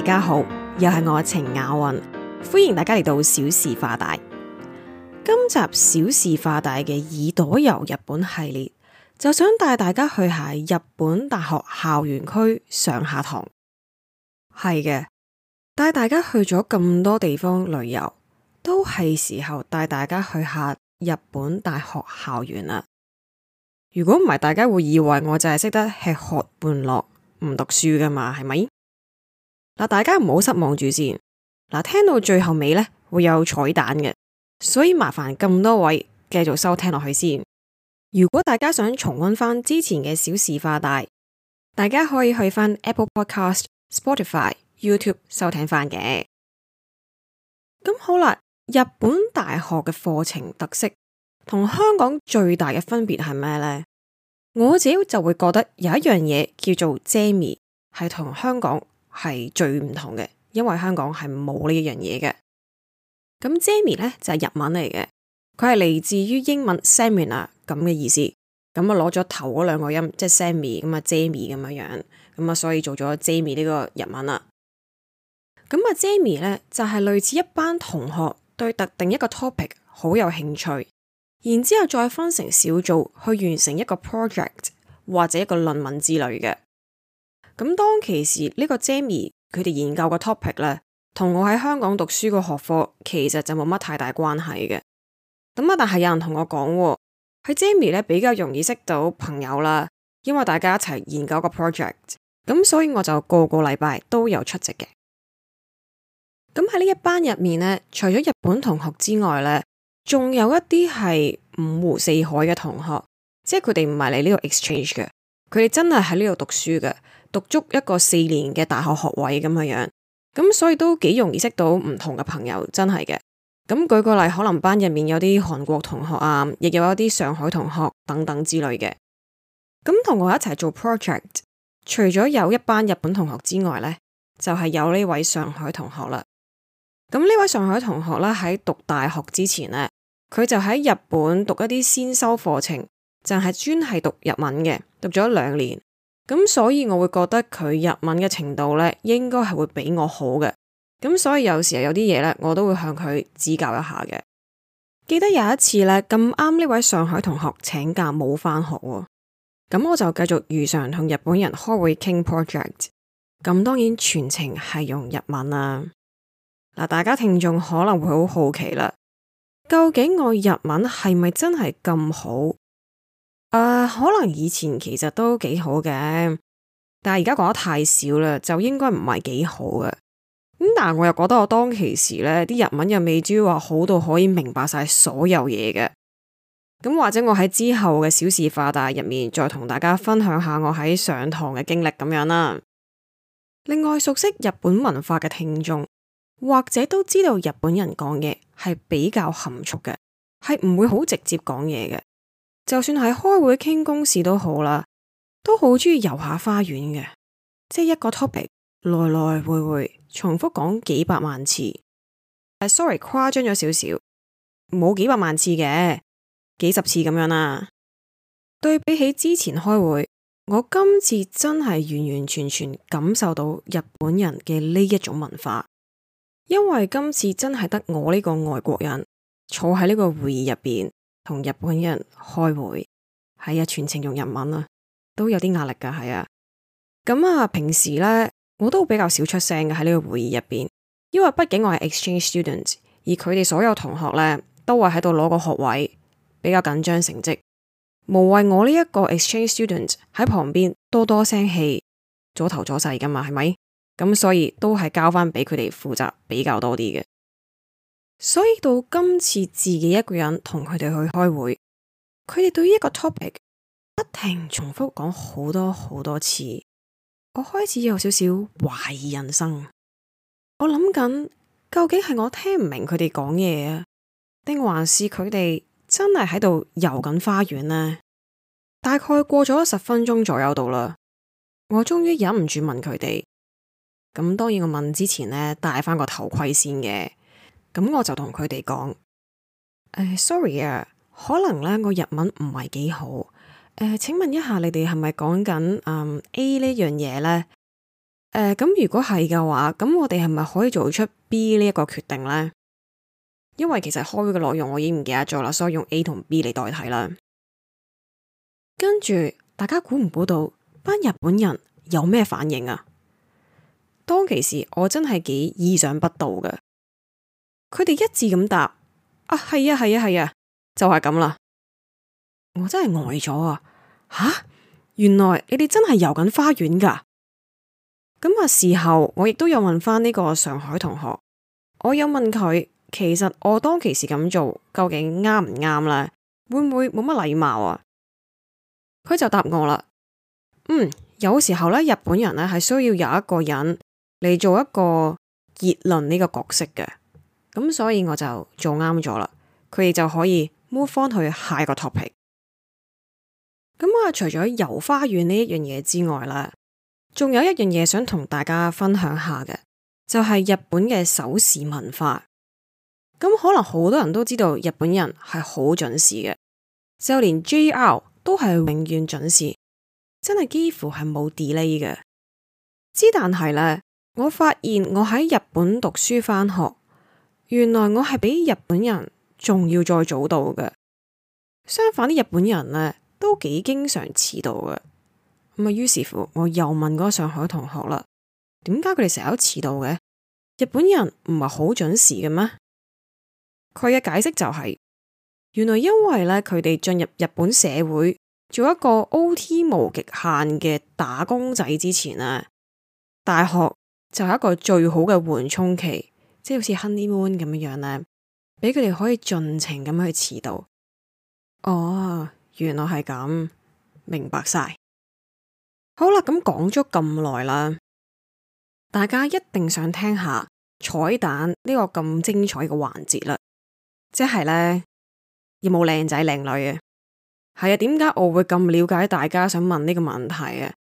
大家好，又係我程雅韻，歡迎大家嚟到小事化大。今集小事化大嘅耳朵遊日本系列，就想帶大家去下日本大學校園區上下堂。係嘅，帶大家去咗咁多地方旅遊，都係時候帶大家去下日本大學校園啦。如果唔係，大家會以為我就係識得吃喝玩樂，唔讀書㗎嘛？係咪？嗱，大家唔好失望住先。嗱，聽到最後尾呢會有彩蛋嘅，所以麻煩咁多位繼續收聽落去先。如果大家想重溫翻之前嘅小事化大，大家可以去翻 Apple Podcast、Spotify、YouTube 收聽翻嘅。咁好啦，日本大學嘅課程特色同香港最大嘅分別係咩呢？我自己就會覺得有一樣嘢叫做 Jamie 係同香港。係最唔同嘅，因為香港係冇呢一樣嘢嘅。咁 Jamie 呢，就係、是、日文嚟嘅，佢係嚟自於英文 Seminar 咁嘅意思。咁啊，攞咗頭嗰兩個音，即係 Sammy 咁啊，Jamie 咁樣樣，咁啊，所以做咗 Jamie 呢個日文啦。咁啊，Jamie 呢，就係、是、類似一班同學對特定一個 topic 好有興趣，然之後再分成小組去完成一個 project 或者一個論文之類嘅。咁當其時呢個 Jamie 佢哋研究個 topic 咧，同我喺香港讀書個學科其實就冇乜太大關係嘅。咁啊，但係有人同我講喎，哦，喺 Jamie 咧，比較容易識到朋友啦，因為大家一齊研究個 project。咁所以我就個個禮拜都有出席嘅。咁喺呢一班入面咧，除咗日本同學之外咧，仲有一啲係五湖四海嘅同學，即係佢哋唔係嚟呢度 exchange 嘅，佢哋真係喺呢度讀書嘅。讀足一個四年嘅大學學位咁嘅樣，咁所以都幾容易識到唔同嘅朋友，真係嘅。咁舉個例，可能班入面有啲韓國同學啊，亦有一啲上海同學等等之類嘅。咁同我一齊做 project，除咗有一班日本同學之外呢，就係有呢位上海同學啦。咁呢位上海同學呢，喺讀大學之前呢，佢就喺日本讀一啲先修課程，就係專係讀日文嘅，讀咗兩年。咁所以我會覺得佢日文嘅程度呢，應該係會比我好嘅。咁所以有時候有啲嘢呢，我都會向佢指教一下嘅。記得有一次呢，咁啱呢位上海同學請假冇返學喎，咁我就繼續如常同日本人開會傾 project。咁當然全程係用日文啦。嗱，大家聽眾可能會好好奇啦，究竟我日文係咪真係咁好？誒，uh, 可能以前其實都幾好嘅，但係而家講得太少啦，就應該唔係幾好嘅。咁、嗯，但我又覺得我當其時呢啲日文又未至於話好到可以明白晒所有嘢嘅。咁、嗯、或者我喺之後嘅小事化大入面，再同大家分享下我喺上堂嘅經歷咁樣啦。另外，熟悉日本文化嘅聽眾或者都知道，日本人講嘢係比較含蓄嘅，係唔會好直接講嘢嘅。就算係開會傾公事都好啦，都好中意遊下花園嘅，即係一個 topic 來來回回重複講幾百萬次，sorry 誇張咗少少，冇幾百萬次嘅，幾十次咁樣啦，啊。對比起之前開會，我今次真係完完全全感受到日本人嘅呢一種文化，因為今次真係得我呢個外國人坐喺呢個會議入邊。同日本人開會，係啊，全程用日文啊，都有啲壓力噶，係啊。咁啊，平時呢，我都比較少出聲嘅喺呢個會議入邊，因為畢竟我係 exchange students，而佢哋所有同學呢，都會喺度攞個學位，比較緊張成績，無謂我呢一個 exchange students 喺旁邊多多聲氣，左頭左勢噶嘛，係咪？咁所以都係交翻俾佢哋負責比較多啲嘅。所以到今次自己一個人同佢哋去開會，佢哋對於一個 topic 不停重複講好多好多次，我開始有少少懷疑人生。我諗緊究竟係我聽唔明佢哋講嘢啊，定還是佢哋真係喺度遊緊花園呢？大概過咗十分鐘左右度啦，我終於忍唔住問佢哋。咁當然我問之前呢，戴翻個頭盔先嘅。咁我就同佢哋講，uh，sorry 啊，可能呢我日文唔係幾好，誒、uh，請問一下你哋係咪講緊 A 呢樣嘢呢？誒，咁如果係嘅話，咁我哋係咪可以做出 B 呢一個決定呢？因為其實開會嘅內容我已經唔記得咗啦，所以用 A 同 B 嚟代替啦。跟住大家估唔估到班日本人有咩反應啊？當其時我真係幾意想不到嘅。佢哋一致咁答：啊，係啊，係啊，係啊，啊，就係咁啦。我真係呆咗啊！吓，原來你哋真係遊緊花園噶。咁啊，事後我亦都有問翻呢個上海同學，我有問佢，其實我當其時咁做，究竟啱唔啱呢？會唔會冇乜禮貌啊？佢就答我啦：嗯，有時候呢，日本人呢係需要有一個人嚟，做一個結論呢個角色嘅。咁所以我就做啱咗啦，佢哋就可以 move on 去下一個 topic。咁啊，除咗遊花園呢一樣嘢之外啦，仲有一樣嘢想同大家分享下嘅，就係、是、日本嘅守時文化。咁可能好多人都知道，日本人係好準時嘅，就連 JR 都係永遠準時，真係幾乎係冇 delay 嘅。之但係呢，我發現我喺日本讀書返學。原來我係比日本人仲要再早到嘅，相反啲日本人呢，都幾經常遲到嘅。咁啊，於是乎我又問嗰個上海同學啦，點解佢哋成日都遲到嘅？日本人唔係好準時嘅咩？佢嘅解釋就係，原來因為呢，佢哋進入日本社會做一個 O.T. 無極限嘅打工仔之前呀，大學就係一個最好嘅緩衝期。即係好似 honeymoon 咁樣樣咧，俾佢哋可以盡情咁去遲到。哦，原來係咁，明白晒。好啦，咁講咗咁耐啦，大家一定想聽下彩蛋呢個咁精彩嘅環節啦。即係呢，有冇靚仔靚女啊？係啊，點解我會咁了解大家想問呢個問題啊？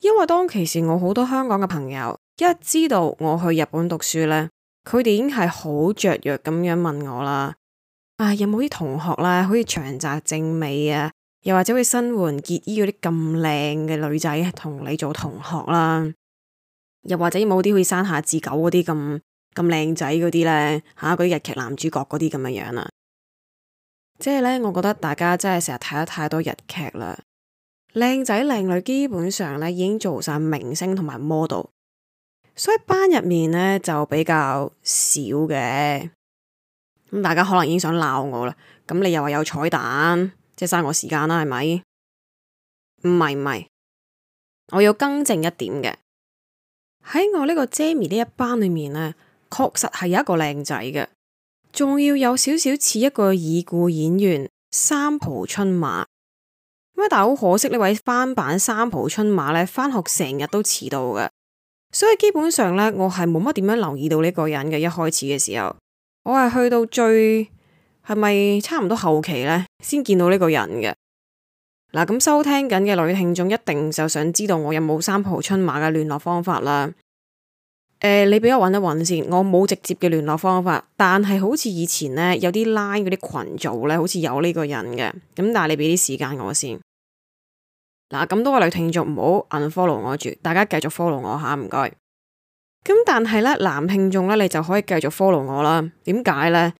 因為當其時我好多香港嘅朋友一知道我去日本讀書呢。佢哋已經係好雀躍咁樣問我啦，啊有冇啲同學啦，好似長澤正美啊，又或者會新垣結衣嗰啲咁靚嘅女仔同你做同學啦，啊，又或者冇啲好似山下智久嗰啲咁咁靚仔嗰啲呢？嚇嗰啲日劇男主角嗰啲咁嘅樣啦，啊，即係呢，我覺得大家真係成日睇得太多日劇啦，靚仔靚女基本上呢已經做晒明星同埋 model。所以班入面呢，就比較少嘅。咁大家可能已經想鬧我啦。咁你又話有彩蛋，即係嘥我時間啦，係咪？唔係唔係，我要更正一點嘅。喺我呢個 Jamie 呢一班裏面呢，確實係有一個靚仔嘅，仲要有少少似一個已故演員三浦春馬。咁但係好可惜呢位翻版三浦春馬呢，返學成日都遲到嘅。所以基本上呢，我係冇乜點樣留意到呢個人嘅。一開始嘅時候，我係去到最，係咪差唔多後期呢，先見到呢個人嘅。嗱、啊，咁、嗯、收聽緊嘅女聽眾一定就想知道我有冇三浦春馬嘅聯絡方法啦。呃、你俾我搵一搵先，我冇直接嘅聯絡方法，但係好似以前呢，有啲 line 嗰啲群組呢，好似有呢個人嘅。咁，但係你俾啲時間我先。嗱，咁多位女聽眾唔好 unfollow 我住，大家繼續 follow 我吓，唔該。咁但係呢，男聽眾呢，你就可以繼續 follow 我啦。點解呢？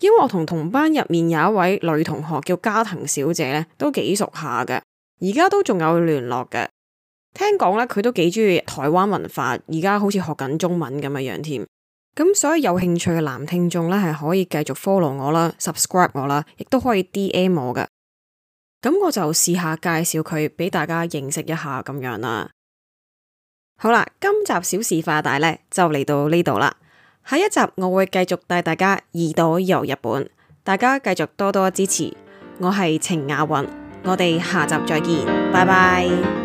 因為我同同班入面有一位女同學叫加藤小姐呢，都幾熟下嘅，而家都仲有聯絡嘅。聽講呢，佢都幾中意台灣文化，而家好似學緊中文咁嘅樣添。咁所以有興趣嘅男聽眾呢，係可以繼續 follow 我啦，subscribe 我啦，亦都可以 DM 我嘅。咁我就試下介紹佢俾大家認識一下咁樣啦。好啦，今集小事化大呢，就嚟到呢度啦。下一集我會繼續帶大家耳朵遊日本，大家繼續多多支持。我係程亞雲，我哋下集再見，拜拜。